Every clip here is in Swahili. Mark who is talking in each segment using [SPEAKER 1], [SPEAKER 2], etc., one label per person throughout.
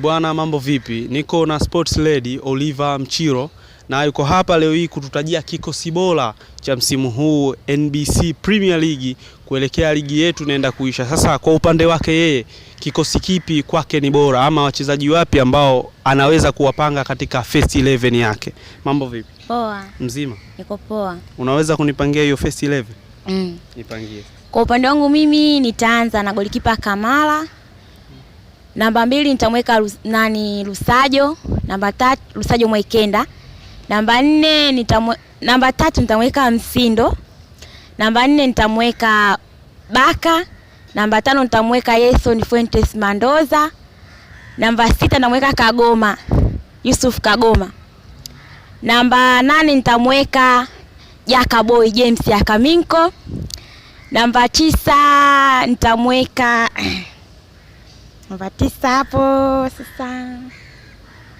[SPEAKER 1] Bwana, mambo vipi? Niko na sports lady Oliva Mchiro na yuko hapa leo hii kututajia kikosi bora cha msimu huu NBC Premier League kuelekea ligi yetu inaenda kuisha. Sasa kwa upande wake yeye, kikosi kipi kwake ni bora ama wachezaji wapi ambao anaweza kuwapanga katika first 11 yake? Mambo vipi? Poa. Mzima? Niko poa. Unaweza kunipangia hiyo first 11? Mm. Nipangie.
[SPEAKER 2] Kwa upande wangu mimi nitaanza na golikipa Kamala Namba mbili nitamweka nani Lusajo, namba tatu Lusajo Mwekenda, namba nne nitamwe, namba tatu nitamweka Msindo, namba nne nitamweka Baka, namba tano nitamweka Yeson Fuentes Mandoza, namba sita nitamweka Kagoma Yusuf Kagoma, namba nane nitamweka Jaka Boy James Akaminko, namba tisa nitamweka namba tisa hapo sasa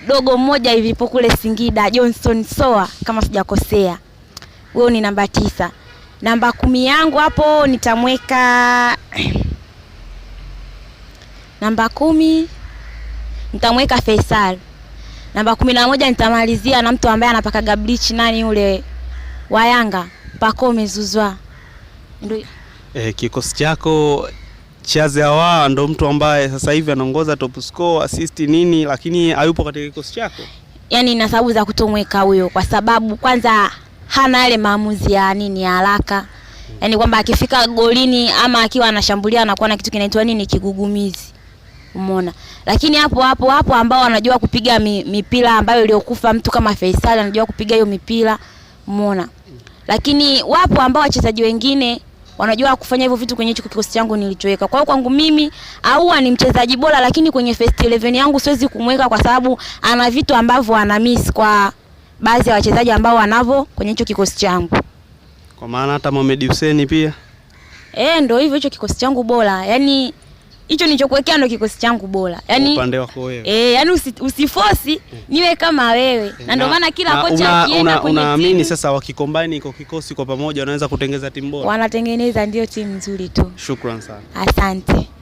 [SPEAKER 2] dogo mmoja hivi kule Singida, Johnson Soa kama sijakosea, huyo ni namba tisa. Namba kumi yangu hapo nitamweka namba kumi nitamweka Faisal. Namba kumi na moja nitamalizia na mtu ambaye anapaka bleach, nani ule wa Yanga, Pacome Zouzoua.
[SPEAKER 1] Ndio eh, kikosi chako Chaze Awa ndo mtu ambaye sasa hivi anaongoza top score, assist nini, lakini hayupo katika kikosi chako.
[SPEAKER 2] Yaani na sababu za kutomweka huyo, kwa sababu kwanza hana yale maamuzi ya nini ya haraka, yaani kwamba akifika golini ama akiwa anashambulia anakuwa na kitu kinaitwa nini kigugumizi, umeona. Lakini hapo hapo hapo ambao anajua kupiga mi, mipira ambayo iliyokufa mtu kama Faisal anajua kupiga hiyo mipira, umeona. Lakini wapo ambao wachezaji wengine wanajua kufanya hivyo vitu kwenye hicho kikosi changu nilichoweka. Kwa hiyo kwangu mimi Ahoua ni mchezaji bora, lakini kwenye first 11 yangu siwezi kumweka kwa sababu ana vitu ambavyo ana miss kwa baadhi ya wachezaji ambao wanavyo kwenye hicho kikosi changu,
[SPEAKER 1] kwa maana hata Mohamed Hussein pia
[SPEAKER 2] eh, ndio hivyo, hicho kikosi changu bora yani hicho nilichokuwekea ndo kikosi changu bora.
[SPEAKER 1] Yaani upande wako wewe.
[SPEAKER 2] Eh, yaani usi, usifosi mm. niwe kama wewe. Na ndio maana kila na, kocha akienda kwenye unaamini
[SPEAKER 1] sasa wakikombine iko kikosi kwa pamoja wanaweza kutengeza timu bora.
[SPEAKER 2] Wanatengeneza ndio timu nzuri tu.
[SPEAKER 1] Shukrani sana.
[SPEAKER 2] Asante.